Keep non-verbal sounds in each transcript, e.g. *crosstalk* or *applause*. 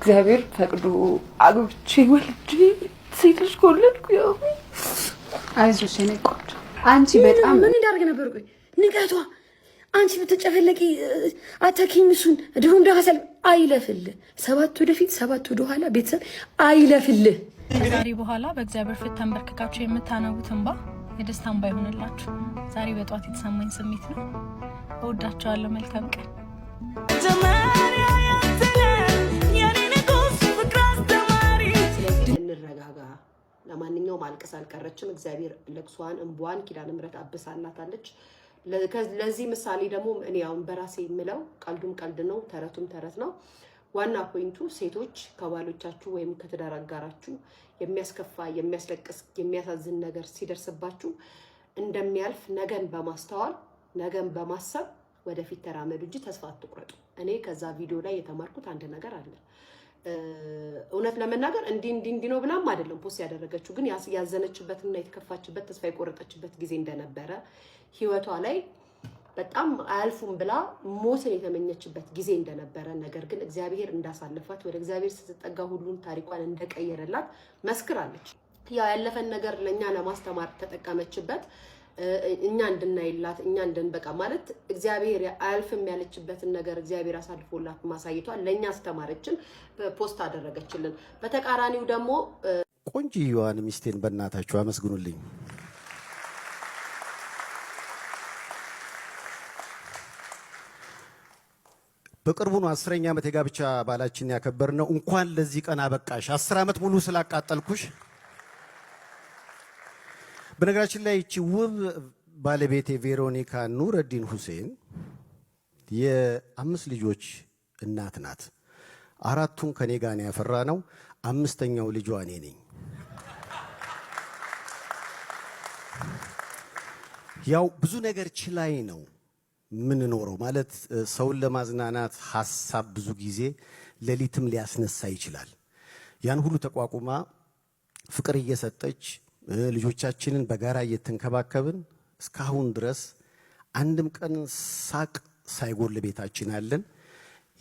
እግዚአብሔር ፈቅዶ አግብቼ ወልጄ ሴት ልጅ ከወለድኩ ያው አይዞሽ የኔ ቆንጆ። አንቺ በጣም ምን እንዳደርግ ነበር? ቆይ ንቀቷ አንቺ ብትጨፈለቂ አታኪኝ እሱን ድሁም ደሀሰል አይለፍልህ። ሰባት ወደፊት ሰባት ወደኋላ ቤተሰብ አይለፍልህ። ከዛሬ በኋላ በእግዚአብሔር ፊት ተንበርክካችሁ የምታነቡት እንባ የደስታ እንባ ይሆንላችሁ። ዛሬ በጠዋት የተሰማኝ ስሜት ነው። እወዳቸዋለሁ። መልካም ቀን። ለማንኛውም አልቅስ አልቀረችም። እግዚአብሔር ለቅሷን እንቧን ኪዳነ ምሕረት አብሳላታለች። ለዚህ ምሳሌ ደግሞ እኔ አሁን በራሴ የምለው ቀልዱም ቀልድ ነው፣ ተረቱም ተረት ነው። ዋና ፖይንቱ ሴቶች ከባሎቻችሁ ወይም ከትዳር አጋራችሁ የሚያስከፋ የሚያስለቅስ የሚያሳዝን ነገር ሲደርስባችሁ እንደሚያልፍ ነገን በማስተዋል ነገን በማሰብ ወደፊት ተራመዱ እንጂ ተስፋ አትቁረጡ። እኔ ከዛ ቪዲዮ ላይ የተማርኩት አንድ ነገር አለ። እውነት ለመናገር እንዲህ እንዲህ እንዲህ ነው ብላም አይደለም ፖስት ያደረገችው፣ ግን ያዘነችበትና የተከፋችበት ተስፋ የቆረጠችበት ጊዜ እንደነበረ ህይወቷ ላይ በጣም አያልፉም ብላ ሞትን የተመኘችበት ጊዜ እንደነበረ፣ ነገር ግን እግዚአብሔር እንዳሳለፋት ወደ እግዚአብሔር ስትጠጋ ሁሉን ታሪኳን እንደቀየረላት መስክራለች። ያው ያለፈን ነገር ለእኛ ለማስተማር ተጠቀመችበት። እኛ እንድናይላት እኛ እንድን በቃ ማለት እግዚአብሔር አያልፍም ያለችበትን ነገር እግዚአብሔር አሳልፎላት ማሳይቷል። ለእኛ አስተማረችን፣ ፖስት አደረገችልን። በተቃራኒው ደግሞ ቆንጆዋን ሚስቴን በእናታችሁ አመስግኑልኝ። በቅርቡ ነው አስረኛ ዓመት የጋብቻ ባላችን ያከበር ነው። እንኳን ለዚህ ቀን አበቃሽ አስር ዓመት ሙሉ ስላቃጠልኩሽ በነገራችን ላይ ይቺ ውብ ባለቤቴ ቬሮኒካ ኑረዲን ሁሴን የአምስት ልጆች እናት ናት። አራቱን ከኔ ጋር ያፈራ ነው። አምስተኛው ልጇ እኔ ነኝ። ያው ብዙ ነገር ችላይ ነው ምንኖረው ማለት ሰውን ለማዝናናት ሀሳብ ብዙ ጊዜ ሌሊትም ሊያስነሳ ይችላል። ያን ሁሉ ተቋቁማ ፍቅር እየሰጠች ልጆቻችንን በጋራ እየተንከባከብን እስካሁን ድረስ አንድም ቀን ሳቅ ሳይጎል ቤታችን አለን።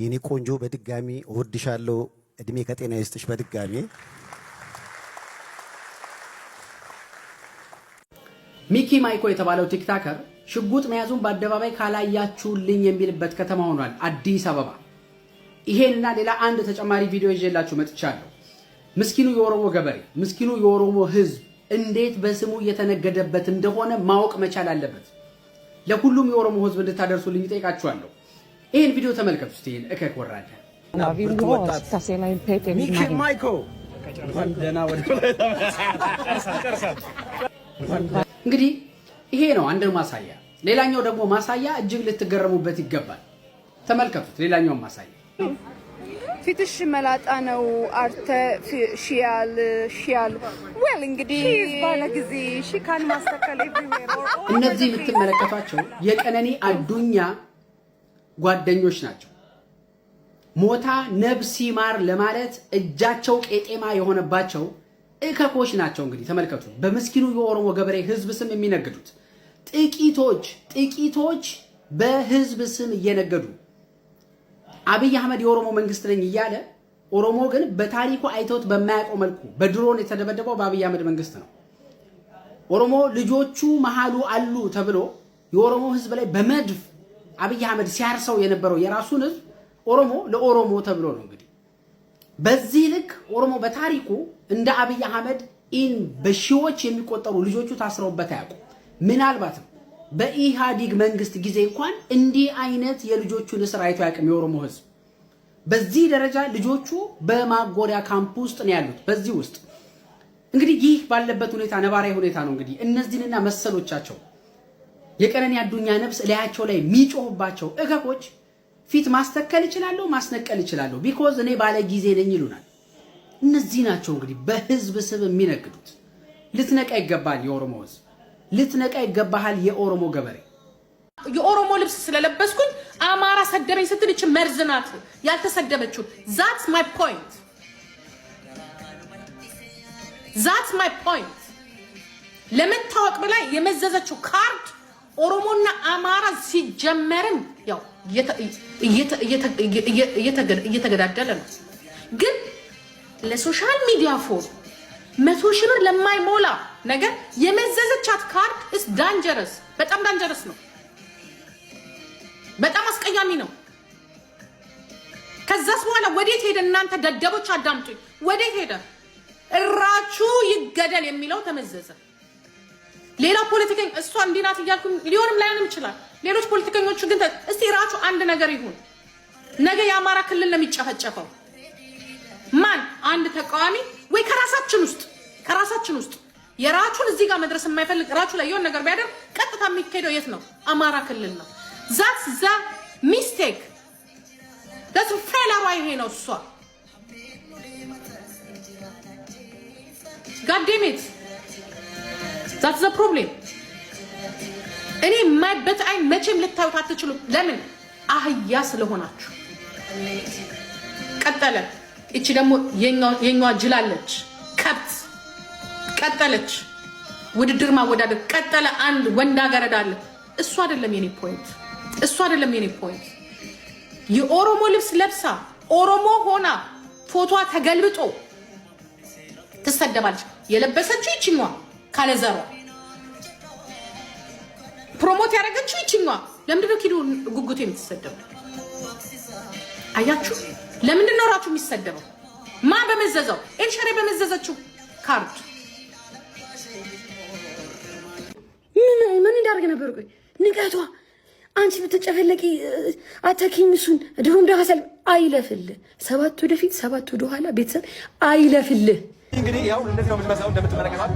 የኔ ቆንጆ በድጋሚ እወድሻለሁ። እድሜ ከጤና ይስጥሽ። በድጋሚ ሚኪ ማይኮ የተባለው ቲክታከር ሽጉጥ መያዙን በአደባባይ ካላያችሁልኝ የሚልበት ከተማ ሆኗል አዲስ አበባ። ይሄንና ሌላ አንድ ተጨማሪ ቪዲዮ ይዤላችሁ መጥቻለሁ። ምስኪኑ የኦሮሞ ገበሬ ምስኪኑ የኦሮሞ ህዝብ እንዴት በስሙ እየተነገደበት እንደሆነ ማወቅ መቻል አለበት። ለሁሉም የኦሮሞ ህዝብ እንድታደርሱልኝ እጠይቃችኋለሁ። ይህን ቪዲዮ ተመልከቱ። ስ እከክ ወራለ እንግዲህ ይሄ ነው አንድ ማሳያ። ሌላኛው ደግሞ ማሳያ እጅግ ልትገረሙበት ይገባል። ተመልከቱት። ሌላኛውን ማሳያ ፊትሽ መላጣ ነው። አርተ ሺያል ሺያል ወል እንግዲህ ባለ ጊዜ ሺካን ማስተካከል እነዚህ የምትመለከቷቸው የቀነኒ አዱኛ ጓደኞች ናቸው። ሞታ ነብሲ ማር ለማለት እጃቸው ቄጤማ የሆነባቸው እከኮች ናቸው። እንግዲህ ተመልከቱ። በምስኪኑ የኦሮሞ ገበሬ ህዝብ ስም የሚነግዱት ጥቂቶች ጥቂቶች በህዝብ ስም እየነገዱ አብይ አህመድ የኦሮሞ መንግስት ነኝ እያለ ኦሮሞ ግን በታሪኩ አይተውት በማያውቀው መልኩ በድሮን የተደበደበው በአብይ አህመድ መንግስት ነው። ኦሮሞ ልጆቹ መሃሉ አሉ ተብሎ የኦሮሞ ህዝብ ላይ በመድፍ አብይ አህመድ ሲያርሰው የነበረው የራሱን ህዝብ ኦሮሞ ለኦሮሞ ተብሎ ነው እንግዲህ። በዚህ ልክ ኦሮሞ በታሪኩ እንደ አብይ አህመድ ኢን በሺዎች የሚቆጠሩ ልጆቹ ታስረውበት አያውቁ ምናልባትም በኢህአዲግ መንግስት ጊዜ እንኳን እንዲህ አይነት የልጆቹን እስር አይቶ ያቅም የኦሮሞ ህዝብ በዚህ ደረጃ ልጆቹ በማጎሪያ ካምፕ ውስጥ ነው ያሉት። በዚህ ውስጥ እንግዲህ ይህ ባለበት ሁኔታ ነባራዊ ሁኔታ ነው እንግዲህ እነዚህንና መሰሎቻቸው የቀነኒ አዱኛ ነፍስ ላያቸው ላይ የሚጮህባቸው እከኮች ፊት ማስተከል እችላለሁ፣ ማስነቀል እችላለሁ ቢኮዝ እኔ ባለ ጊዜ ነኝ ይሉናል። እነዚህ ናቸው እንግዲህ በህዝብ ስብ የሚነግዱት። ልትነቃ ይገባል የኦሮሞ ህዝብ። ልትነቃ ይገባሃል። የኦሮሞ ገበሬ የኦሮሞ ልብስ ስለለበስኩኝ አማራ ሰደበኝ ስትል ይች መርዝ ናት ያልተሰደበችው። ዛት ማይ ፖይንት፣ ዛት ማይ ፖይንት። ለመታወቅ ብላ የመዘዘችው ካርድ ኦሮሞና አማራ ሲጀመርም ያው እየተገዳደለ ነው፣ ግን ለሶሻል ሚዲያ ፎር መቶ ሺ ብር ለማይሞላ ነገር የመዘዘቻት ካርድ እስ ዳንጀረስ በጣም ዳንጀረስ ነው። በጣም አስቀያሚ ነው። ከዛስ በኋላ ወዴት ሄደ? እናንተ ደደቦች አዳምጡኝ። ወዴት ሄደ? እራቹ ይገደል የሚለው ተመዘዘ። ሌላው ፖለቲከኛ እሷ እንዲህ ናት እያልኩ ሊሆንም ላይሆንም ይችላል። ሌሎች ፖለቲከኞቹ ግን እስቲ እራቹ አንድ ነገር ይሁን። ነገ የአማራ ክልል ነው የሚጨፈጨፈው። ማን አንድ ተቃዋሚ ወይ ከራሳችን ውስጥ ከራሳችን ውስጥ የራቹን እዚህ ጋር መድረስ የማይፈልግ ራቹ ላይ የሆን ነገር ቢያደርግ ቀጥታ የሚካሄደው የት ነው? አማራ ክልል ነው። ዛት ዘ ሚስቴክ ዛት ፌለሯ ይሄ ነው እሷ ጋዴሜት ዛት ዘ ፕሮብሌም እኔ የማይበት አይን መቼም ልታዩት አትችሉም። ለምን አህያ ስለሆናችሁ። ቀጠለ እቺ ደግሞ የኛ ጅላለች ከብት ቀጠለች። ውድድር ማወዳደር ቀጠለ። አንድ ወንድ አገረዳ አለ። እሱ አይደለም የኔ ፖይንት፣ እሱ አይደለም የኔ ፖይንት። የኦሮሞ ልብስ ለብሳ ኦሮሞ ሆና ፎቷ ተገልብጦ ትሰደባለች። የለበሰችው ይችኛ ካለዘሯ ፕሮሞት ያደረገችው ይችኛ። ለምንድነው ኪዱ ጉጉት የምትሰደቡ አያችሁ? ለምንድን ነው ራችሁ የሚሰደበው? ማን በመዘዘው? ኤልሸሬ በመዘዘችው ካርድ ምን ምን እንዳደርግ ነበር? ቆይ ንቀቷ አንቺ ብትጨፈለቂ አታኪም እሱን ድሁም ደሃ ሰልፍ አይለፍልህ። ሰባት ወደፊት ሰባት ወደኋላ ቤተሰብ አይለፍልህ። እንግዲህ ያው እንደዚህ ነው የምትመስለው እንደምትመለከታት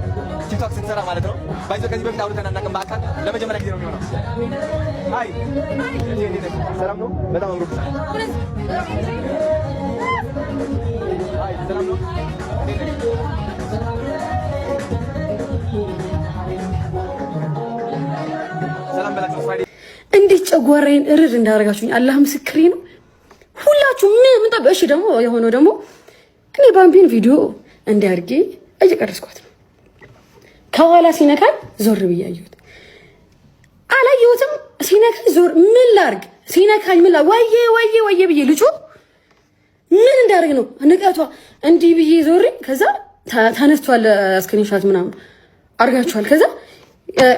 ቲክቶክ ስትሰራ ማለት ነው። ባይዞ ከዚህ በፊት አውርተን አናውቅም በአካል ለመጀመሪያ ጊዜ ነው የሚሆነው። አይ ሰላም ነው። በጣም አምሮ አይ ሰላም ነው። እንዴት ጨጓራዬን እርር እንዳደረጋችሁኝ አላህ ምስክሬ ነው። ሁላችሁ ምን ምን እሺ፣ ደግሞ የሆነው ደግሞ እኔ ባምቢን ቪዲዮ እንዲህ አድርጌ እየቀረስኳት ነው። ከኋላ ሲነካኝ ዞር ብዬ አየሁት። አላየሁትም። ሲነካኝ ዞር ምን ላርግ? ሲነካኝ ምን ላርግ? ወዬ ወዬ ወዬ ብዬ ልጩ ምን እንዳደርግ ነው ንቀቷ። እንዲህ ብዬ ዞሬ ከዛ ተነስቷል። አስክሪንሻት ምናምን አድርጋችኋል። ከዛ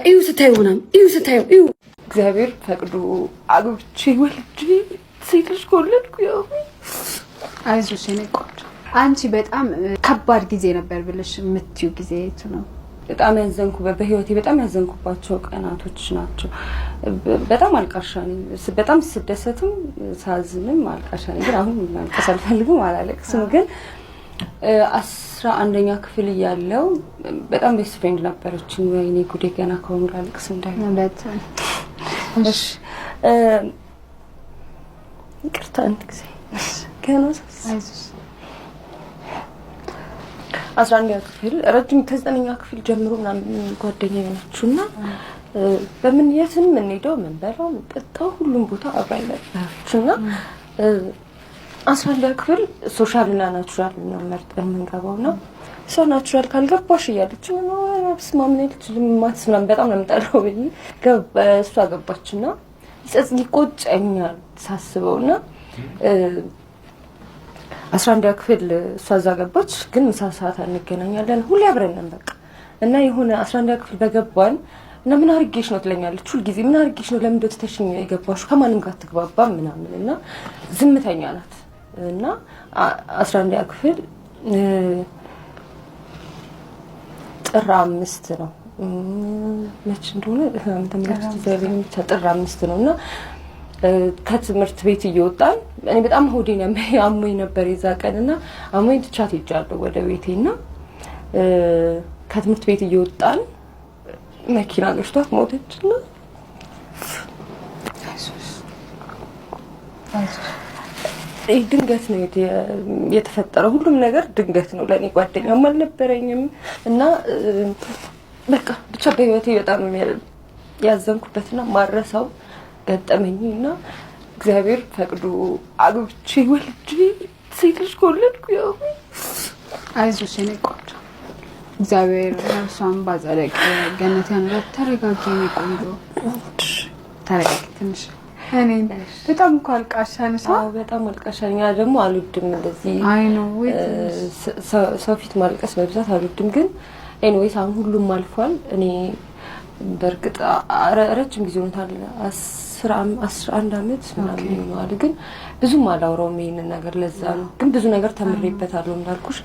እዩ ስታዩ ምናምን እዩ ስታዩ እዩ እግዚአብሔር ፈቅዶ አግብቼ ወልጄ ሴት ልጅ ከወለድኩ ያው አይዞሽ እኔ አንቺ በጣም ከባድ ጊዜ ነበር ብለሽ የምትዩ ጊዜ የቱ ነው? በጣም ያዘንኩ በህይወቴ በጣም ያዘንኩባቸው ቀናቶች ናቸው። በጣም አልቃሻ ነኝ። በጣም ስደሰትም ሳዝንም አልቃሻ ነኝ። ግን አሁን ማልቀስ አልፈልግም፣ አላለቅስም። ግን አስራ አንደኛ ክፍል እያለው በጣም ቤስት ፍሬንድ ነበረችኝ። ወይኔ ጉዴ ገና ከሆኑ ላልቅስ እንዳይሆን ይቅርታ። አንድ ጊዜ ገና ሳስ አስራ አንደኛ ክፍል ረጅም ከዘጠነኛ ክፍል ጀምሮ ምናምን ጓደኛ ናችሁ እና በምን የትም የምንሄደው የምንበላው የምንጠጣው ሁሉም ቦታ አብራኝ ነበረች እና አስራ አንደኛ ክፍል ሶሻል እና ናቹራል ነው መርጠን የምንገባው ነው። ሰው ናቹራል ካልገባሽ እያለች ስማ ምን ያለች ልማት ምናምን በጣም ነው የምጠላው ብዬ እሷ ገባች እና ይጸጽ ይቆጨኛል ሳስበው እና አስራ አንድ ክፍል እሷ እዛ ገባች፣ ግን ምሳ ሰዓት እንገናኛለን። ሁሌ አብረን ነን በቃ እና የሆነ አስራ አንድ ክፍል በገባን እና ምን አርጌሽ ነው ትለኛለች ሁልጊዜ። ምን አርጌሽ ነው ለምን ትተሽኝ የገባሽው? ከማንም ጋር ትግባባ ምናምን እና ዝምተኛ ናት እና አስራ አንድ ክፍል ጥር አምስት ነው መች እንደሆነ ጥር አምስት ነው እና ከትምህርት ቤት እየወጣን እኔ በጣም ሆዴን አሞኝ *laughs* ነበር የዛ ቀን እና አሞኝ ትቻት ሄጃለሁ ወደ ቤቴ ና ከትምህርት ቤት እየወጣን መኪና ገጭቷት ሞተች እና ይህ ድንገት ነው የተፈጠረው። ሁሉም ነገር ድንገት ነው። ለእኔ ጓደኛም አልነበረኝም እና በቃ ብቻ በህይወቴ በጣም ያዘንኩበትና ማረሰው ገጠመኝ እና እግዚአብሔር ፈቅዶ አግብቼ ወልጄ ሴት ልጅ ከወለድኩ ያው አይዞሽ የኔ ቆንጆ እግዚአብሔር ነፍሷን ባጸደቅ ገነት ያኑራት። ተረጋጊ የኔ ቆንጆ ተረጋጊ ትንሽ። እኔ በጣም እኮ አልቃሻ ነሽ። አዎ በጣም አልቃሻ ነኝ። ደግሞ አልወድም እንደዚህ ሰው ፊት ማልቀስ በብዛት አልወድም። ግን ኤኒዌይስ አሁን ሁሉም አልፏል። እኔ በእርግጥ ረጅም ጊዜ ሆኖታል አስራ አንድ አመት ምናምን ይሆነዋል። ግን ብዙም አላውረውም ይህንን ነገር ለዛ ነው። ግን ብዙ ነገር ተምሬበታለሁ እንዳልኩሽ